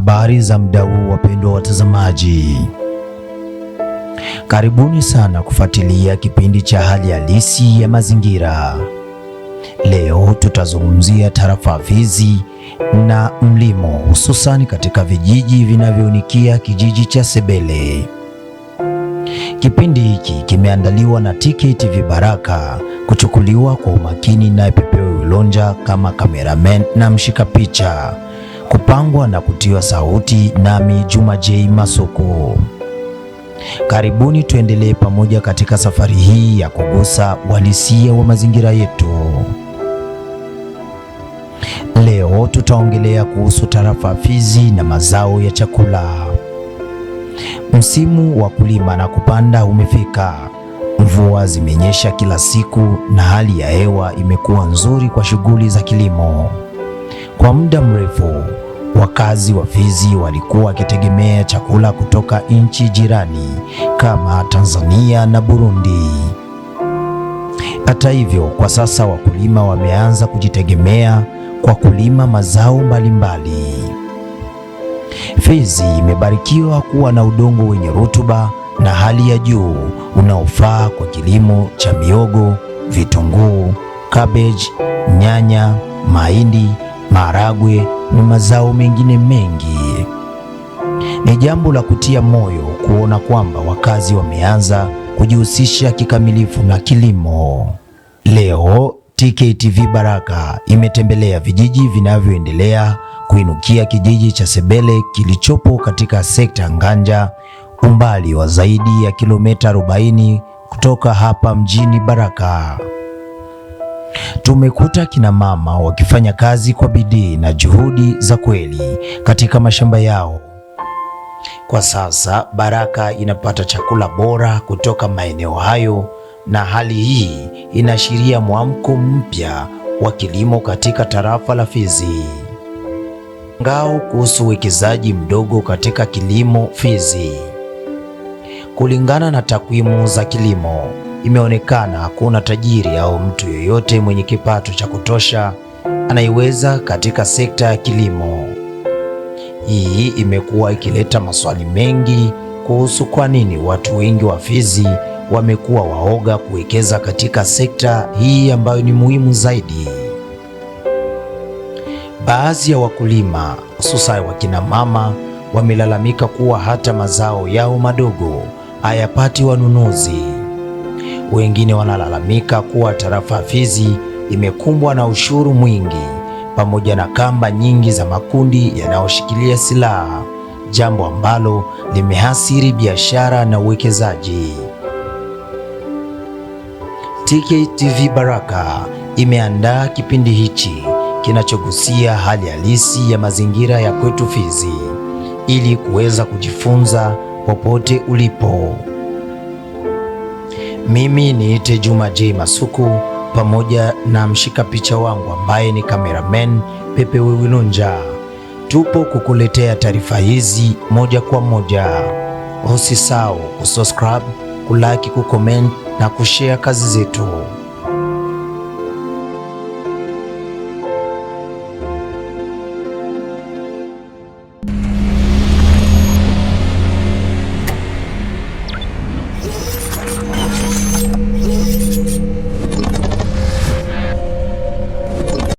Habari za muda huu, wapendwa watazamaji, karibuni sana kufuatilia kipindi cha Hali Halisi ya Mazingira. Leo tutazungumzia tarafa Fizi na Mlimo, hususani katika vijiji vinavyounikia kijiji cha Sebele. Kipindi hiki kimeandaliwa na TV Baraka, kuchukuliwa kwa umakini na Pepeo Ulonja kama cameraman na mshika picha kupangwa na kutiwa sauti, nami Juma J Masoko. Karibuni tuendelee pamoja katika safari hii ya kugusa uhalisia wa mazingira yetu. Leo tutaongelea kuhusu tarafa Fizi na mazao ya chakula. Msimu wa kulima na kupanda umefika. Mvua zimenyesha kila siku na hali ya hewa imekuwa nzuri kwa shughuli za kilimo. Kwa muda mrefu wakazi wa Fizi walikuwa wakitegemea chakula kutoka nchi jirani kama Tanzania na Burundi. Hata hivyo, kwa sasa wakulima wameanza kujitegemea kwa kulima mazao mbalimbali. Fizi imebarikiwa kuwa na udongo wenye rutuba na hali ya juu unaofaa kwa kilimo cha miogo, vitunguu, cabbage, nyanya, mahindi maharagwe na mazao mengine mengi. Ni jambo la kutia moyo kuona kwamba wakazi wameanza kujihusisha kikamilifu na kilimo. Leo TKTV Baraka imetembelea vijiji vinavyoendelea kuinukia kijiji cha Sebele kilichopo katika sekta Nganja, umbali wa zaidi ya kilomita 40 kutoka hapa mjini Baraka. Tumekuta kina mama wakifanya kazi kwa bidii na juhudi za kweli katika mashamba yao. Kwa sasa Baraka inapata chakula bora kutoka maeneo hayo, na hali hii inaashiria mwamko mpya wa kilimo katika tarafa la Fizi. Ngao kuhusu uwekezaji mdogo katika kilimo Fizi. Kulingana na takwimu za kilimo imeonekana hakuna tajiri au mtu yeyote mwenye kipato cha kutosha anayeweza katika sekta ya kilimo. Hii imekuwa ikileta maswali mengi kuhusu kwa nini watu wengi wa Fizi wamekuwa waoga kuwekeza katika sekta hii ambayo ni muhimu zaidi. Baadhi ya wakulima hususani wakina mama wamelalamika kuwa hata mazao yao madogo hayapati wanunuzi wengine wanalalamika kuwa tarafa Fizi imekumbwa na ushuru mwingi pamoja na kamba nyingi za makundi yanayoshikilia silaha, jambo ambalo limehasiri biashara na uwekezaji. TKTV Baraka imeandaa kipindi hichi kinachogusia hali halisi ya mazingira ya kwetu Fizi ili kuweza kujifunza popote ulipo. Mimi niite Juma J Masuku pamoja na mshika picha wangu ambaye ni cameraman Pepe Wilunja. Tupo kukuletea taarifa hizi moja kwa moja. Usisahau kusubscribe, kulaki, kucomment na kushare kazi zetu.